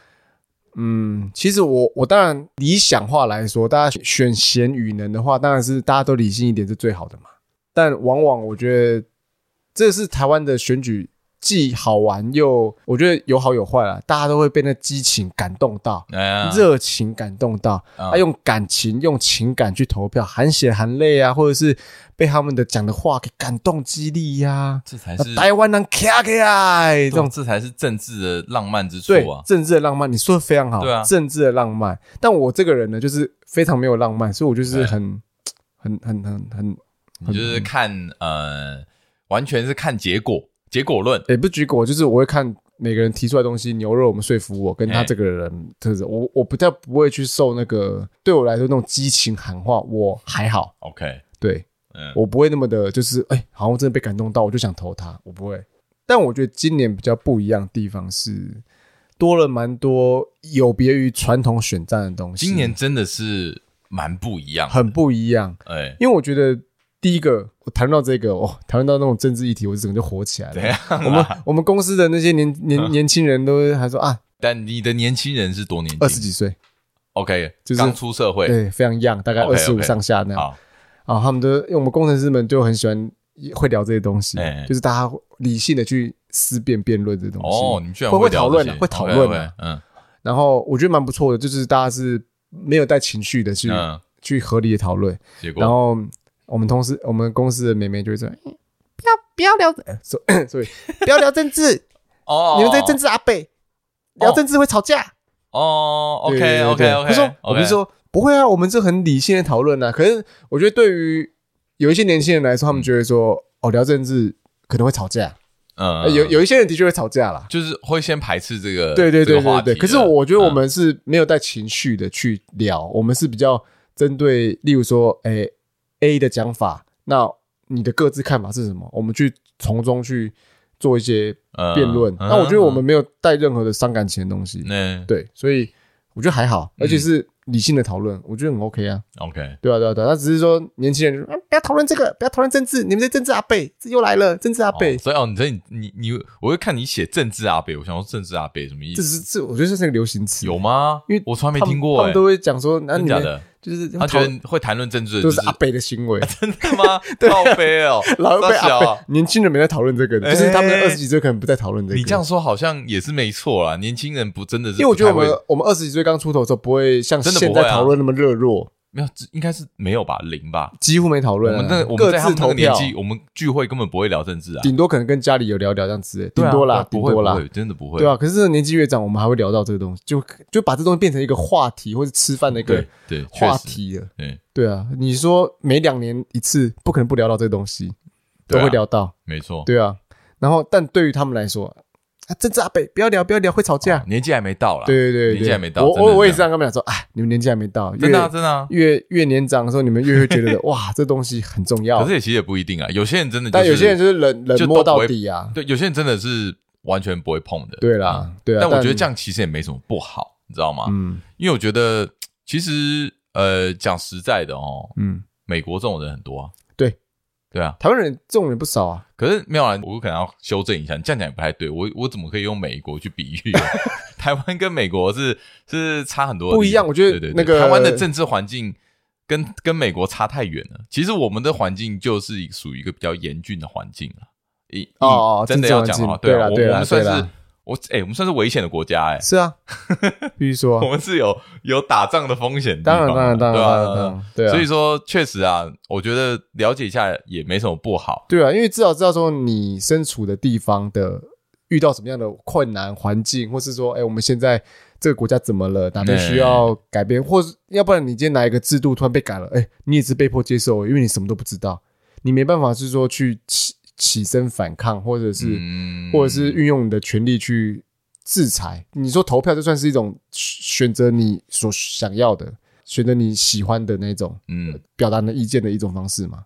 嗯，其實我我當然理想化來說，大家選賢與能的話，當然是大家都理性一點是最好的嘛。但往往我覺得這是台灣的選舉。既好玩又我覺得有好有壞啊。大家都會被那激情感動到，熱、哎、情感動到。啊，啊用感情、嗯、用情感去投票，含血含淚啊，或者是被他們的講的話給感動激勵呀、啊。這才是、啊、台灣人卡卡愛這種，這才是政治的浪漫之處啊！對，政治的浪漫，你說的非常好。對啊，政治的浪漫。但我這個人呢，就是非常沒有浪漫，所以我就是很、很、很、很、很，我就是看呃，完全是看結果。結果論，也、欸、不結果，就是我會看每個人提出來的東西。牛肉，我們說服我跟他這個人，特、欸就是我，我不太不會去受那個。對我來說，那種激情喊話，我還好。OK，對，嗯、我不會那麼的，就是哎、欸，好像我真的被感動到，我就想投他，我不會。但我覺得今年比較不一樣的地方是，多了蠻多有別於傳統選戰的東西。今年真的是蠻不一樣，很不一樣。哎、欸，因為我覺得。第一個，我談論到這個，哦，談論到那種政治議題，我整個就火起來了。啊、我們我們公司的那些年年、嗯、年輕人，都還說啊，但你的年輕人是多年二十幾歲，OK，就是剛出社會，對，非常 young，大概二十五上下那樣好。啊，他們都因為我們工程師們都很喜歡會聊這些東西欸欸，就是大家理性的去思辨辯論這些東西。哦，你們居然會討論會討論、啊啊 okay, okay, 嗯。然後我覺得蠻不錯的，就是大家是沒有帶情緒的去、嗯、去合理的討論，然後。我們同事，我們公司的妹妹就這樣、嗯，不要不要聊，所 所以不要聊政治哦。 oh, 你們這些政治阿北、oh. 聊政治會吵架哦。Oh, okay, OK OK OK，他說 okay. 我們是說不會啊，我們是很理性的討論吶、啊。可是我覺得對於有一些年輕人來說，他們覺得說、嗯、哦聊政治可能會吵架。嗯，呃、有有一些人的確會吵架啦，就是會先排斥這個。對對對對對，對，對，對、這個話，可是我覺得我們是沒有帶情緒的去聊，嗯、去聊我們是比較針對，例如說，哎、欸。A 的講法，那你的各自看法是什麼？我們去從中去做一些辯論、嗯。那我覺得我們沒有帶任何的傷感情的東西。嗯、欸，對，所以我覺得還好，而且是理性的討論、嗯，我覺得很 OK 啊。OK，對啊，啊、對啊，對啊。他只是說年輕人就說、嗯，不要討論這個，不要討論政治，你們在政治阿北，這又來了政治阿北、哦。所以哦，你你你你，我會看你寫政治阿北，我想說政治阿北什麼意思？這是這，我覺得這是一個流行詞。有嗎？因為我從來沒聽過、欸他，他們都會講說，那你就是他覺得會談論政治、就是，就是阿北的行為、啊，真的嗎？對。老北哦，老，老阿北哦，年輕人沒在討論這個的，不、欸就是他們二十幾歲可能不在討論這個。你這樣說好像也是沒錯啦，年輕人不真的是，因為我覺得我們我們二十幾歲剛出頭的時候不會像現在討論那麼熱絡。沒有，應該是沒有吧，零吧，幾乎沒討論、啊。我們那各，我們在他們同年紀，我們聚會根本不會聊政治啊，頂多可能跟家裡有聊聊這樣子、欸，頂、啊、多啦、啊、不會啦，真的不會。對啊，可是這年紀越長，我們還會聊到這個東西，就就把這東西變成一個話題或者吃飯的一個對話題了對對確實對。對啊，你說每兩年一次，不可能不聊到這個東西，都會聊到，啊、沒錯。對啊，然後但對於他們來說。啊，政治阿北，不要聊，不要聊，會吵架。哦、年紀還沒到啦，對，對對對，年紀還沒到。我我，我也是這樣跟他們講說，哎，你們年紀還沒到。真的、啊、真的、啊。越越年長，的時候，你們越會覺得 哇，這東西很重要、啊。可是也其實也不一定啊，有些人真的、就是。但有些人就是冷就冷漠到底啊。對，有些人真的是完全不會碰的。對啦，對、啊嗯。但我覺得這樣其實也沒什麼不好，你知道嗎？嗯。因為我覺得，其實呃，講實在的哦，嗯，美國這種人很多。啊，對。對啊，台灣人這種人不少啊，可是沒有啊，我可能要修正一下，這樣講也不太對。我我怎麼可以用美國去比喻啊？ 台灣跟美國是是差很多的，不一樣。我覺得那個對對對台灣的政治環境跟跟美國差太遠了。其實我們的環境就是屬於一個比較嚴峻的環境啊。一哦真的要講啊，對啊對啊對是。我誒、欸、我們算是危險的國家誒、欸、是啊，必須說， 我們是有有打仗的風險，當然當然、啊、當然對啊，對啊，對啊，所以說確實啊，我覺得了解一下也沒什麼不好，對啊，因為至少知道說你身處的地方的遇到什麼樣的困難環境，或是說誒、欸、我們現在這個國家怎麼了，哪裡需要改變，或是要不然你今天來一個制度突然被改了，誒、欸、你也是被迫接受，因為你什麼都不知道，你沒辦法是說去。起身反抗，或者是，嗯、或者是運用你的權利去制裁。你說投票，就算是一種選擇你所想要的，選擇你喜歡的那種，嗯，呃、表達你的意見的一種方式嘛？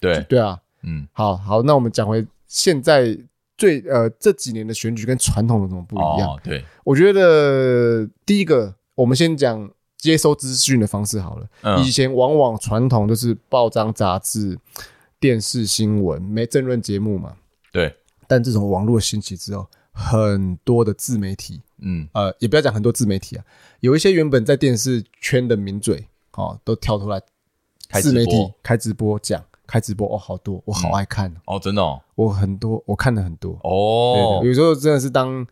對，對啊，嗯，好好，那我們講回現在最呃這幾年的選舉跟傳統的怎麼不一樣哦？對，我覺得第一個，我們先講接收資訊的方式好了。嗯、以前往往傳統就是報章雜誌。電視新聞沒政論節目嘛？對。但自從網絡興起之後，很多的自媒體，嗯，呃，也不要講很多自媒體啊，有一些原本在電視圈的名嘴，哦，都跳出來，自媒體開直播,開直播講，開直播哦，好多，我好愛看哦，真、嗯、的，我很多，我看了很多哦對對，有時候真的是當，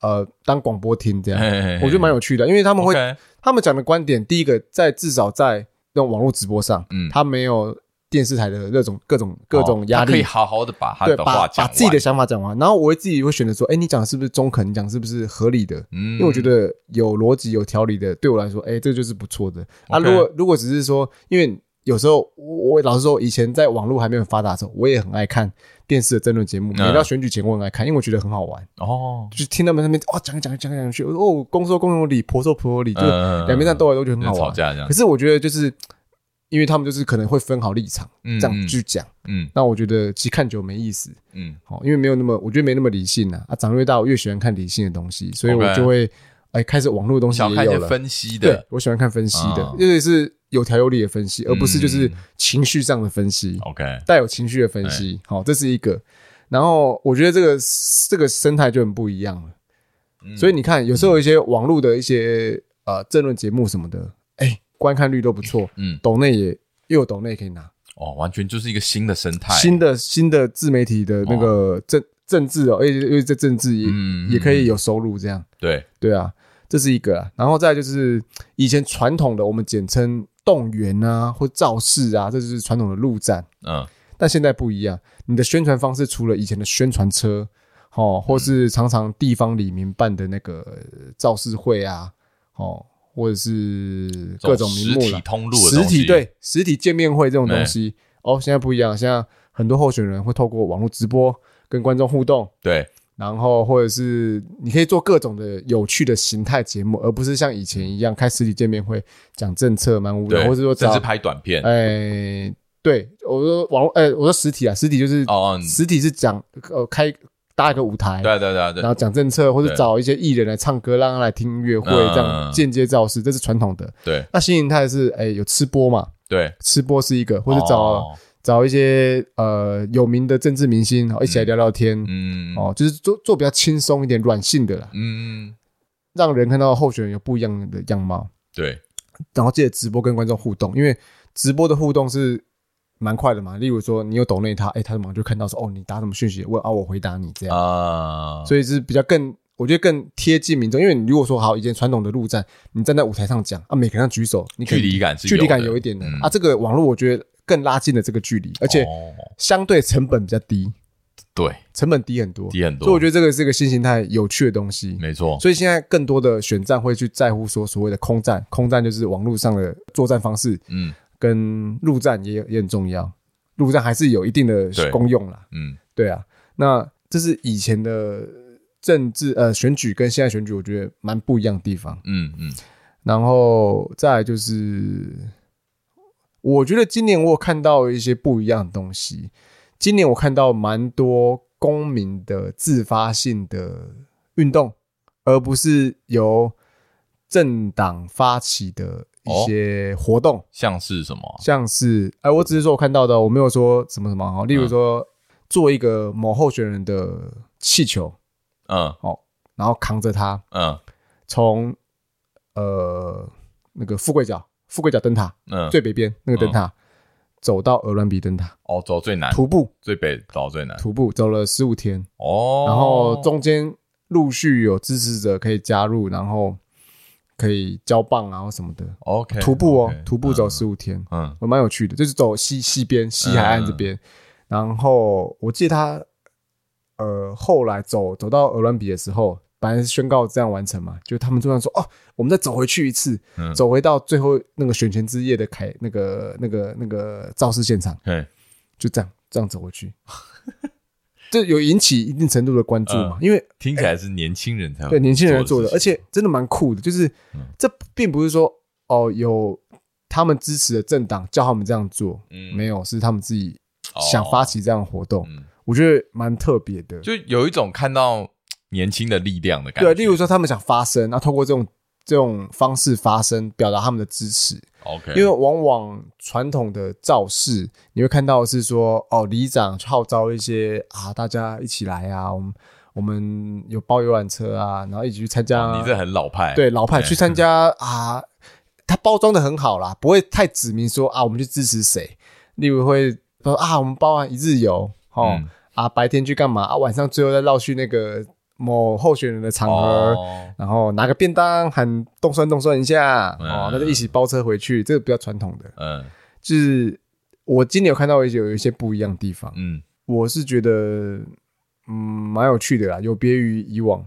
呃、當廣播聽這樣，嘿嘿嘿我覺得蠻有趣的，因為他們會、okay，他們講的觀點，第一個，在至少在那種網絡直播上，嗯，他沒有。電視台的那種各種各種壓力，哦、可以好好的把它的話講完把，把自己的想法講完。然後我自己會選擇說：，哎、欸，你講的是不是中肯？你講的是不是合理的？嗯，因為我覺得有邏輯、有條理的，對我來說，哎、欸，這個、就是不錯的。嗯、啊，如果如果只是說，因為有時候我老實說，以前在網絡還沒有發達的時候，我也很愛看電視的爭論節目、嗯。每到選舉前，我很愛看，因為我覺得很好玩。哦，就是聽到他們那邊哦講講講講去，哦，公說公有理，婆說婆有理，就兩邊上鬥來鬥去，很好玩。吵架這樣。可是我覺得就是。因為他們就是可能會分好立場，嗯、這樣去講。嗯，那我覺得其實看久沒意思。嗯，好，因為沒有那麼，我覺得沒那麼理性啊。啊，長越大，大，我越喜歡看理性的東西，所以我就會哎、okay, 欸，開始網絡東西也有了。分析的，對，我喜歡看分析的，因、啊、為、就是有條有理的分析，而不是就是情緒上的分析。OK，、嗯、帶有情緒的分析，好、okay, 欸，這是一個。然後我覺得這個這個生態就很不一樣了、嗯。所以你看，有時候有一些網絡的一些呃政論節目什麼的，哎、欸。觀看率都不錯，嗯，抖內也又有抖內可以拿哦，完全就是一個新的生態，新的新的自媒體的那個政，哦、政治哦，因為這政治也，嗯嗯，也可以有收入這樣，對對啊，這是一個，啊，然後再來就是以前傳統的我們簡稱動員啊或造勢啊，這就是傳統的陸戰，嗯，但現在不一樣，你的宣傳方式除了以前的宣傳車，哦，或是常常地方裡面辦的那個造勢會啊，哦。或者是各種，名目啦種實體通路，實體對實體見面會這種東西，欸、哦，現在不一樣，現在很多候選人會透過網絡直播跟觀眾互動，對，然後或者是你可以做各種的有趣的形態節目，而不是像以前一樣開實體見面會講政策蠻無聊，或者說只是拍短片，欸。哎，對我說網絡，哎、欸，我說實體啊，實體就是哦，實體是講呃開。搭一個舞台，嗯，對對對對，然後講政策或者找一些藝人來唱歌，讓他來聽音樂會，這樣間接造勢，嗯，這是傳統的。對，那新型態是，哎，有吃播嘛？對，吃播是一個，或者找，哦、找一些呃有名的政治明星，然後一起來聊聊天，嗯，哦，就是做做比較輕鬆一點，軟性的啦。嗯，讓人看到候選人有不一樣的樣貌，對，然後藉著直播跟觀眾互動，因為直播的互動是。蠻快的嘛，例如說你有抖內他，哎、欸，他馬上就看到說，哦，你打什麼訊息？問啊，我回答你這樣啊、呃，所以是比較更，我覺得更貼近民眾，因為你如果說好，以前傳統的陸戰，你站在舞台上講啊，每個人舉手，你可以距離感是距離感有一點的、嗯、啊，這個網絡我覺得更拉近了這個距離，而且相對成本比較低、哦，對，成本低很多，低很多，所以我覺得這個是一個新形態有趣的東西，沒錯，所以現在更多的選戰會去在乎說所謂的空戰，空戰就是網絡上的作戰方式，嗯。跟陸戰也也很重要，陸戰還是有一定的功用啦。嗯，對啊，那這是以前的政治呃選舉跟現在選舉，我覺得蠻不一樣的地方。嗯嗯，然後再來就是，我覺得今年我有看到一些不一樣的東西。今年我看到蠻多公民的自發性的運動，而不是由政黨發起的。哦、一些活動，像是什麼？像是哎，我只是說我看到的，我沒有說什麼什麼。例如說，嗯、做一個某候選人的氣球，嗯，好、哦，然後扛着他，嗯，從呃那個富貴角，富貴角燈塔，嗯，最北邊那個燈塔、嗯，走到鵝鑾鼻燈塔，哦，走最南，徒步最北，走最南，徒步走了十五天，哦，然後中間陸續有支持者可以加入，然後。可以交棒啊，或什麼的。OK，徒步哦，okay, uh, 徒步走十五天，嗯，我蠻有趣的。就是走西西邊，西海岸這邊。Uh, 然後我記得他，呃，後來走走到鵝鑾鼻的時候，本來是宣告這樣完成嘛，就他們突然說，哦，我們再走回去一次，uh, 走回到最後那個選前之夜的凱那個那個那個造勢、那個、現場，對、okay.，就這樣這樣走回去。 這有引起一定程度的關注嘛？嗯、因為聽起來是年輕人才會、欸、對年輕人做的，而且真的蠻酷的。就是、嗯、這並不是說哦、呃，有他們支持的政黨叫他們這樣做、嗯，沒有，是他們自己想發起這樣的活動、哦。我覺得蠻特別的，就有一種看到年輕的力量的感覺。對，例如說他們想發聲，那、啊、透過這種。這種方式發聲，表達他們的支持。OK，因為往往傳統的造勢，你會看到的是說，哦，里長去號召一些啊，大家一起來啊，我們我們有包遊覽車啊，然後一起去參加、哦。你這很老派。對，老派、欸、去參加啊，他包裝的很好啦，不會太指明說啊，我們去支持誰。例如會說啊，我們包完一日遊，齁、嗯，啊，白天去幹嘛，啊晚上最後再繞去那個。某候選人的場合，哦、然後拿個便當，喊凍蒜凍蒜一下，嗯、哦，那就一起包車回去，這個比較傳統的。嗯，就是我今年有看到一些有一些不一樣的地方。嗯，我是覺得嗯蠻有趣的啦，有別於以往。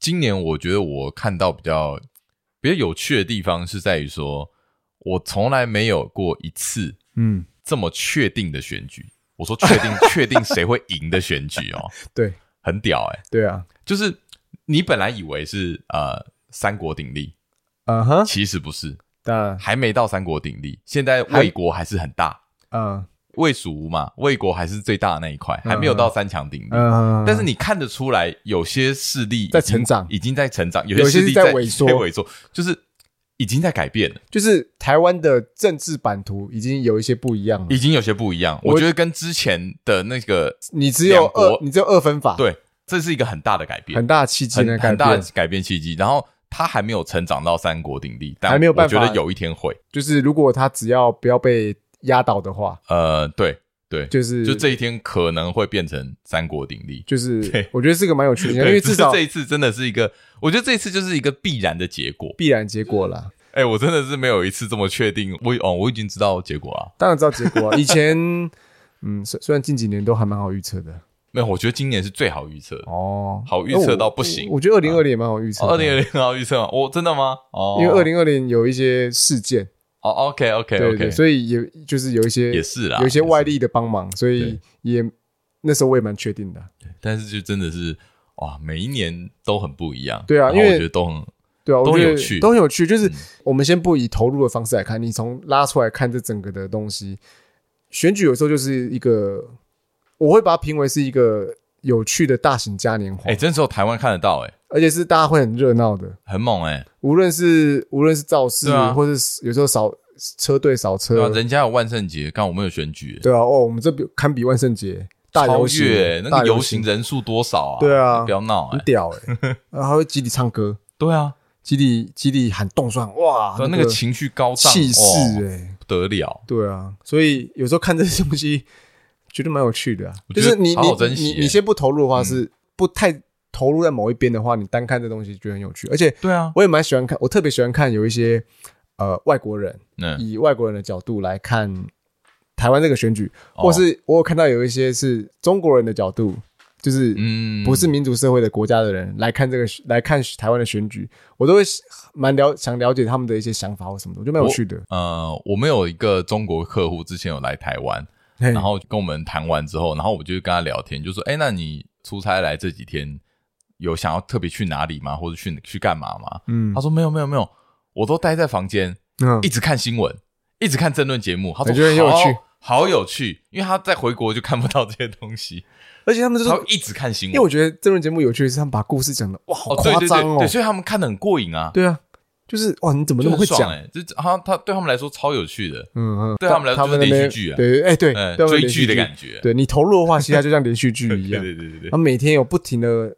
今年我覺得我看到比較比較有趣的地方是在於說，我從來沒有過一次嗯這麼確定的選舉。嗯、我說確定 確定誰會贏的選舉哦， 對，很屌哎、欸，對啊。就是你本來以為是呃三國鼎立，嗯哼，其實不是，但、uh-huh. 還沒到三國鼎立。現在魏國還是很大，嗯、uh-huh.，魏蜀吳嘛，魏國還是最大的那一塊，還沒有到三強鼎立。Uh-huh. Uh-huh. 但是你看得出來，有些勢力在成長，已經在成長，有些勢力在，在萎縮，萎縮，就是已經在改變了。就是台灣的政治版圖已經有一些不一樣了，已經有些不一樣。我，我覺得跟之前的那個，你只有二，國你只有二分法，對。這是一個很大的改變，很大契機，很大的改變契機。然後他還沒有成長到三國鼎立，但還沒有，我覺得有一天會，就是如果他只要不要被壓倒的話，呃，對對，就是就這一天可能會變成三國鼎立。就是對，我覺得這個蠻有趣的，因為至少 這一次真的是一個，我覺得這一次就是一個必然的結果，必然結果啦。哎，我真的是沒有一次這麼確定，我哦，我已經知道結果了啊，當然知道結果啊。 以前嗯，雖雖然近幾年都還蠻好預測的。沒有，我覺得今年是最好預測哦，好預測到不行。我,我覺得二零二零也蠻好預測，二零二零很好預測嗎？哦，真的嗎？哦，因為二零二零有一些事件哦，OK OK，OK，對對，所以有就是有一些也是啦，有一些外力的幫忙，所以也那時候我也蠻確定的。但是就真的是哇，每一年都很不一樣。對啊，因為我覺得都很對啊，都有趣，都有趣。就是我們先不以投入的方式來看，嗯，你從拉出來看這整個的東西，選舉有時候就是一個。我會把它評為是一個有趣的大型嘉年華。哎、欸，真的只有台灣看得到哎、欸，而且是大家會很熱鬧的，很猛哎、欸。無論是無論是造勢、啊，或者有時候掃車隊掃車對、啊，人家有萬聖節，剛好我們有選舉。對啊，哦，我們這邊堪比萬聖節大遊行，那個遊行人數多少啊？對啊，不要鬧、欸，很屌哎、欸。 然後還會集體唱歌，對啊，集體集體喊凍蒜哇、啊那個，那個情緒高漲，氣勢哎，欸哦、不得了。對啊，所以有時候看這些東西。覺得蠻有趣的啊，就是你你你你先不投入的話，是不太投入在某一邊的話，嗯、你單看這東西覺得很有趣，而且對啊，我也蠻喜歡看，我特別喜歡看有一些呃外國人、嗯、以外國人的角度來看台灣這個選舉，嗯、或是我有看到有一些是中國人的角度，哦、就是嗯不是民主社會的國家的人、嗯、來看這個來看台灣的選舉，我都會蠻了想了解他們的一些想法或什麼的，我覺得蠻有趣的。呃，我們有一個中國客戶之前有來台灣。然後跟我們談完之後，然後我就跟他聊天，就說：“哎、欸，那你出差來這幾天，有想要特別去哪裡嗎？或者去去幹嘛嗎？”嗯，他說：“沒有，沒有，沒有，我都待在房間，嗯，一直看新聞，一直看政論節目。他說覺得好有趣好，好有趣，因為他在回國就看不到這些東西，而且他們就說、是、一直看新聞。因為我覺得政論節目有趣的是他們把故事講的哇，好誇張哦，哦對對對對，所以他們看的很過癮啊，對啊。”就是哇，你怎麼那麼會講哎？好、就、像、是欸、他，他對他們來說超有趣的，嗯嗯，對他們來說他們是連續劇啊，對對哎對，追、欸呃、劇，劇的感覺，對你投入的話，其實它就像連續劇一樣， 對對對，對，對，對他每天有不停的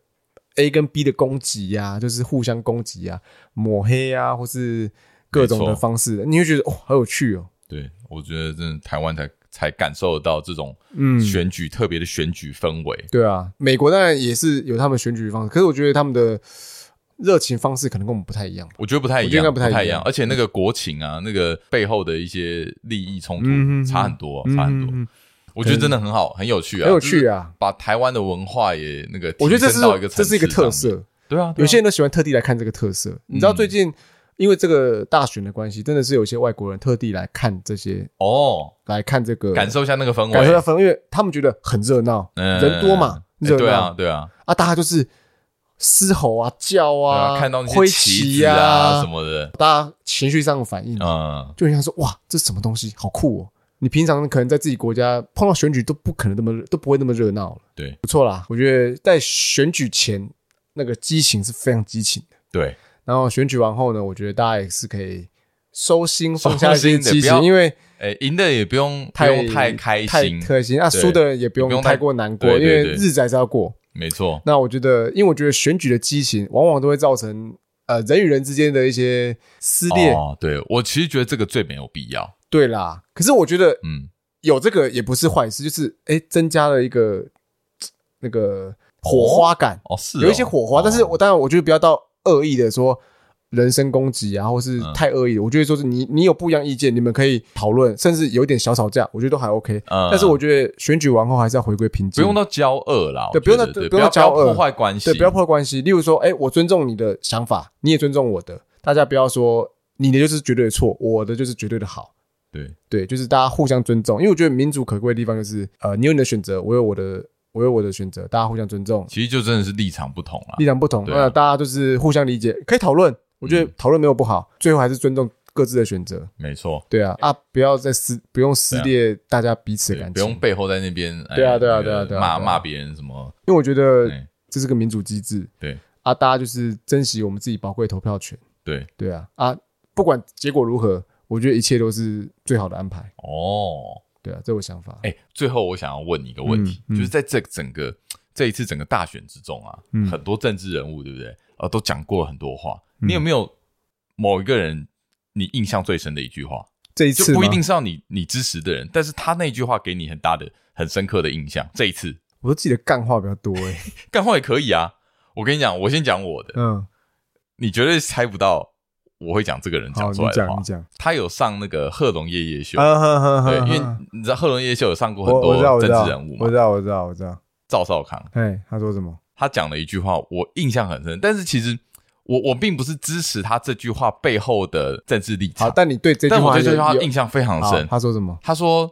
A 跟 B 的攻擊呀、啊，就是互相攻擊啊，抹黑啊，或是各種的方式，你會覺得哇、哦，好有趣哦。對我覺得真的台灣才才感受得到這種嗯選舉嗯特別的選舉氛圍。對啊，美國當然也是有他們選舉的方式，可是我覺得他們的。熱情方式可能跟我們不太一樣，我覺得不太一樣，應該不，不太一樣。而且那個國情啊，嗯、那個背後的一些利益衝突差很多，嗯、差很多、嗯差很多嗯。我覺得真的很好，很有趣啊，很有趣啊！就是、把台灣的文化也那個，我覺得這是，這是一個這是一個特色，對啊。對啊，有些人都喜歡特地來看這個特色，嗯、你知道最近因為這個大選的關係，真的是有些外國人特地來看這些哦，來看這個，感受一下那個氛圍，感受一下氛圍，因為他們覺得很熱鬧、嗯，人多嘛，熱、欸、鬧、欸，對啊，對啊，啊，大家就是。嘶吼啊，叫啊，啊看到那些旗子啊、灰旗啊什麼的，大家情緒上的反應、啊，嗯，就像說哇，這什麼東西，好酷哦！你平常可能在自己國家碰到選舉都不可能那麼都不會那麼熱鬧了，對，不錯啦。我覺得在選舉前那個激情是非常激情的，對。然後選舉完後呢，我覺得大家也是可以收心放下心的。激情，因為誒、欸，贏的也不用太用太開心，太啊，輸的也不用，不用太，太過難過，因為日子還是要過。沒錯，那我覺得，因為我覺得選舉的激情往往都會造成呃人與人之間的一些撕裂。哦、對，我其實覺得這個最沒有必要。對啦，可是我覺得，嗯，有這個也不是壞事，嗯、是就是哎，增加了一個那個火花感，哦，哦是哦。有一些火花。但是我當然，我覺得不要到惡意的說。人身攻擊，啊，或是太惡意、嗯。我覺得，說是你你有不一樣意見，你們可以討論，甚至有點小吵架，我覺得都還 OK、嗯啊。但是，我覺得選舉完後還是要回歸平靜。不用到交惡了，對，不用到不要，不要破壞關係，對，不要破壞關係。例如說，哎、欸，我尊重你的想法，你也尊重我的，大家不要說你的就是絕對的錯，我的就是絕對的好。對對，就是大家互相尊重。因為我覺得民主可貴的地方就是，呃，你有你的選擇，我有我的，我有我的選擇，大家互相尊重。其實就真的是立場不同了、啊，立場不同，那、啊、大家就是互相理解，可以討論。我覺得討論沒有不好、嗯，最後還是尊重各自的選擇。沒錯，對啊，啊，不要再撕，不用撕裂大家彼此的感情，啊、不用背後在那邊、啊啊那個，對啊，對啊，對啊，對啊，罵罵別人什麼？因為我覺得這是個民主機制，對，啊，大家就是珍惜我們自己寶貴投票權，對，對啊，啊，不管結果如何，我覺得一切都是最好的安排。哦，對啊，這我想法。哎、欸，最後我想要問你一個問題，嗯嗯、就是在這整個這一次整個大選之中啊，嗯、很多政治人物，對不對？呃，都講過了很多話，你有沒有某一個人你印象最深的一句話？這一次就不一定是要你你支持的人，但是他那句話給你很大的、很深刻的印象。這一次，我都記得，幹話比較多，誒，幹話也可以啊。我跟你講，我先講我的，嗯，你絕對猜不到我會講這個人講出來的話。你講，他有上那個賀瓏夜夜秀，對，因為你知道賀瓏夜秀有上過很多政治人物嗎？我知道，我知道，我知道。趙少康，哎，他說什麼？他講了一句話，我印象很深，但是其實我我並不是支持他這句話背後的政治立場。但你對這句話，這句話印象非常深。他說什麼？他說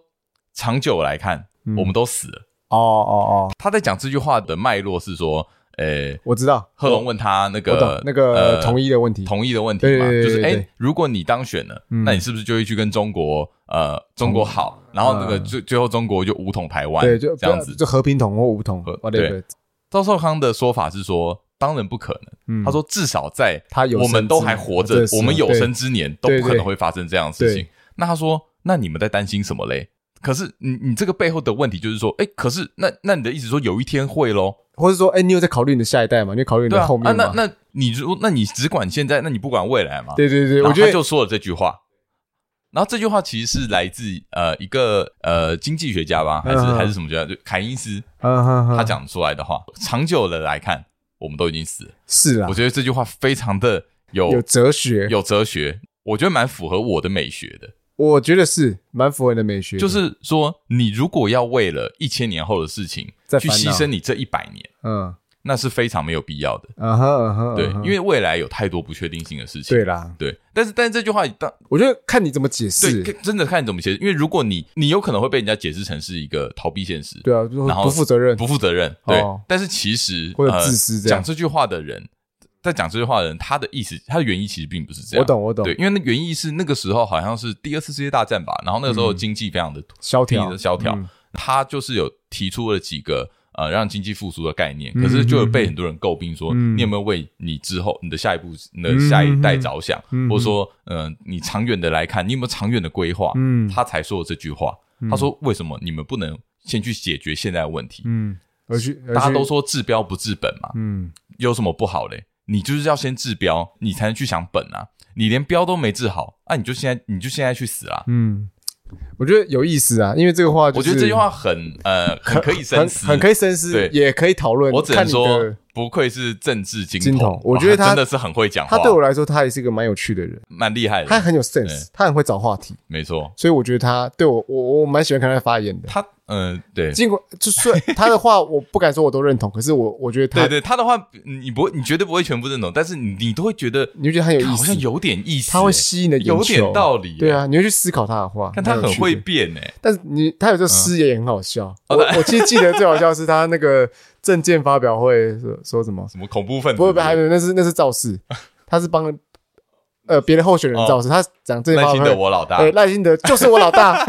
長久來看，嗯，我們都死了。哦哦哦！他在講這句話的脈絡是說，誒、欸，我知道賀龍問他那個那個呃，統一的問題，統一的問題嘛，對對對對對對，就是哎、欸，如果你當選了，嗯，那你是不是就會去跟中國呃中國好，然後那個最、嗯，最後中國就武統台灣，對，就這樣子，就和平統或武統和對，對，對。趙少康的說法是說，當然不可能。嗯、他說，至少在他有生我們都還活着、啊，我們有生之年都不可能會發生這樣的事情。對對對，那他說，那你們在擔心什麼嘞？可是，你你這個背後的問題就是說，哎、欸，可是那那你的意思說有一天會咯？或者說，哎、欸，你有在考慮你的下一代嘛？你有考慮你的後面、啊啊、那那你如，那你只管現在，那你不管未來嘛？對對對，我覺得就說了這句話。然後這句話其實是來自呃一個呃經濟學家吧，還是、uh -huh. 還是什麼學家？就凱因斯，uh、-huh -huh. 他講出來的話，長久的來看，我們都已經死了。是啊，我覺得這句話非常的有有哲學，有哲學，我覺得蠻符合我的美學的。我覺得是蠻符合你的美學。就是說，你如果要為了一千年後的事情，再去犧牲你這一百年，嗯。那是非常沒有必要的。Uh -huh, uh -huh, uh -huh. 對，因為未來有太多不確定性的事情。對啦，對。但是，但是這句話，當我覺得看你怎麼解釋。對，真的看你怎麼解釋。因為如果你，你有可能會被人家解釋成是一個逃避現實。對啊，然後不負責任，不負責任。對。Oh. 但是其實或者自私這樣，講這句話的人，在講這句話的人，他的意思，他的原意其實並不是這樣。我懂，我懂。對，因為那原意是那個時候好像是第二次世界大戰吧，然後那個時候經濟非常的蕭條，蕭條、嗯。他就是有提出了幾個。呃，讓經濟復甦的概念，可是就被很多人詬病說、嗯嗯，你有沒有為你之後、你的下一步、你的下一代着想、嗯嗯，或者說，呃，你長遠的來看，你有沒有長遠的規劃？嗯，他才說的這句話，嗯、他說：“為什麼你們不能先去解決現在的問題？嗯，而且大家都說治標不治本嘛，嗯，有什麼不好嘞？你就是要先治標，你才能去想本啊！你連標都沒治好，那、啊、你就現在你就現在去死啦！嗯。”我覺得有意思啊，因為這個話，就是，我覺得這句話很呃，很可以深思， 很，很可以深思，也可以討論。我只能說。看不愧是政治金金童，我覺得他真的是很會講話。他對我來說，他也是一個蠻有趣的人，蠻厲害的。他很有 sense，他很會找話題，沒錯。所以我覺得他對我，我我蠻喜歡看他發言的。他，嗯、呃，對，儘管就是他的話，我不敢說我都認同， 可是我我覺得他，對對，他的話，你不會，你絕對不會全部認同，但是你,你都會覺得，你覺得他有意思他好像有點意思，他會吸引你的有點道理。對啊，你會去思考他的話，但他很會變誒、欸。但是你他有時候失言,也很好笑。啊、我我其實記得最好笑是他那個。 政見發表會說說什麼？什麼恐怖分子不？不會不會，那是那是造勢， 他是幫呃別的候選人造勢。他講這些賴清德我老大，賴清德，就是我老大，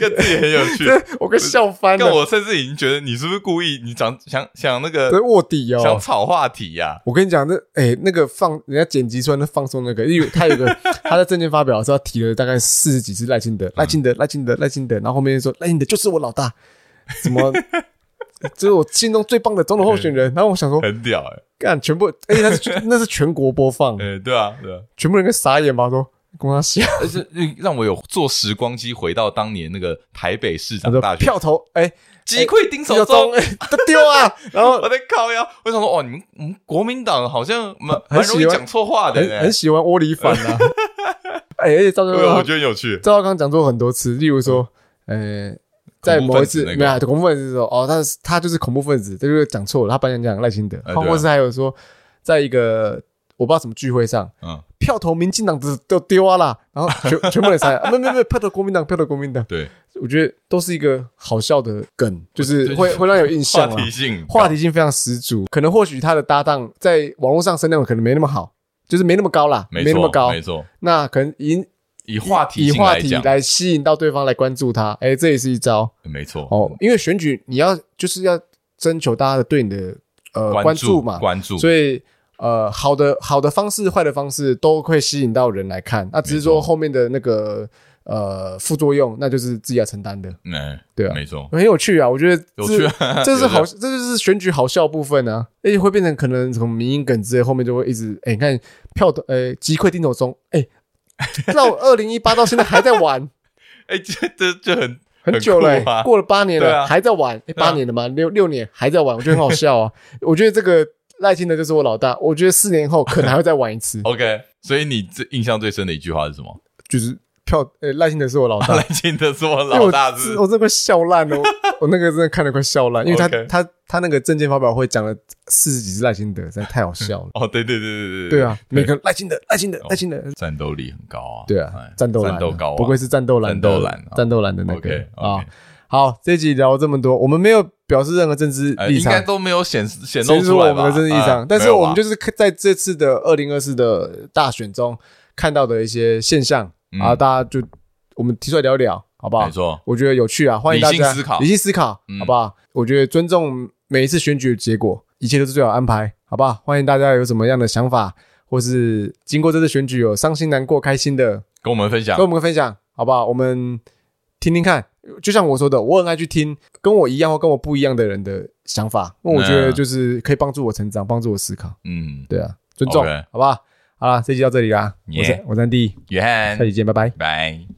這字也很有趣， 我跟笑翻了。跟我甚至已經覺得你是不是故意？你講想想，想那個臥底哦，想炒話題呀、啊？我跟你講，那哎、欸、那個放人家剪輯出來，放鬆那個，因為他有個 他在政見發表的時候提了大概四十幾次賴清德，賴、嗯、清德，賴清德，賴清德，然後後面說賴清德就是我老大，什麼？ 這是我心中最棒的總統候選人，欸，然後我想說，很屌哎，欸，幹，全部，而，欸、那是 那是全國播放，哎，欸，對啊，對啊，啊全部人跟傻眼嘛，說關係，而且、欸、讓我有坐時光機回到當年那個台北市長大學票頭，哎，欸，擊潰丁守中，哎，欸，都丟，欸、啊，然後 我在靠腰，我想說，哦，你們我們國民黨好像蠻蠻容易講錯話的，很喜歡窩裡反的，啊，哎，欸，而且趙剛，我覺得很有趣，趙剛講過很多次，例如說，呃、嗯。欸在某一次，沒有、啊、恐怖分子的時候，哦，他他就是恐怖分子，他就是講錯了。他本來講賴清德，哎啊、或者是還有說，在一個我不知道什麼聚會上，嗯，票投民進黨的都丟啦，然後全 全部都猜、啊，沒有沒沒，票投國民黨，票投國民黨。對，我覺得都是一個好笑的梗，就是會會，會讓有印象啊，話題性非常十足。可能或許他的搭檔在網絡上聲量可能沒那麼好，就是沒那麼高啦，沒，沒那麼高，沒錯。那可能贏。以話題以話題來吸引到對方來關注他，誒這也是一招，沒錯哦。因為選舉你要就是要徵求大家的對你的呃關注，關注嘛，關注。所以呃，好的好的方式，壞的方式都會吸引到人來看。那、啊、只是說後面的那個呃副作用，那就是自己要承擔的。哎、嗯，對啊，沒錯，很有趣啊，我覺得有趣、啊。這是好 這，這就是選舉好笑的部分啊。而且會變成可能什麼迷因梗之類，後面就會一直誒你看票的呃擊潰定投中誒 到二零一八到現在還在玩，哎，這這就很很久了，欸，過了八年了還在玩，欸，八年了嗎？六六年還在玩，我覺得很好笑啊。我覺得這個賴清德就是我老大，我覺得四年後可能還會再玩一次。OK，所以你最印象最深的一句話是什麼？就是。票、欸、誒，賴清德是我老大，賴、啊、清德是我老大、欸我，我我真的快笑爛了， 我那個真的看了快笑爛，因為他、okay. 他他那個政見發表會講了四十幾次賴清德，真的太好笑了。 哦，對對對對對對，對，對啊，對每個賴清德、賴清德、賴清德，哦，、戰鬥力很高啊。對啊，戰鬥、啊、戰鬥高，不愧是戰鬥藍、戰鬥藍、哦、戰鬥藍的那個。啊、okay, okay. 好，這一集聊了這麼多，我們沒有表示任何政治立場，欸、應該都沒有顯示顯露出來吧？沒政治立場，但是我們就是在這次的二零二四的大選中看到的一些現象。呃啊，大家就我們提出來聊一聊，好不好？沒錯，我覺得有趣啊，歡迎大家理性思考，理性思考、嗯，好不好？我覺得尊重每一次選舉的結果，一切都是最好安排，好不好？歡迎大家有什麼樣的想法，或是經過這次選舉有傷心、難過、開心的，跟我們分享，跟我們分享，好不好？我們聽聽看，就像我說的，我很愛去聽跟我一樣或跟我不一樣的人的想法，那、嗯、我覺得就是可以幫助我成長，幫助我思考。嗯，對啊，尊重，okay、好不好？好了，這就到這裡啦。我是，yeah. 我是 Andy，下期見，拜拜，拜。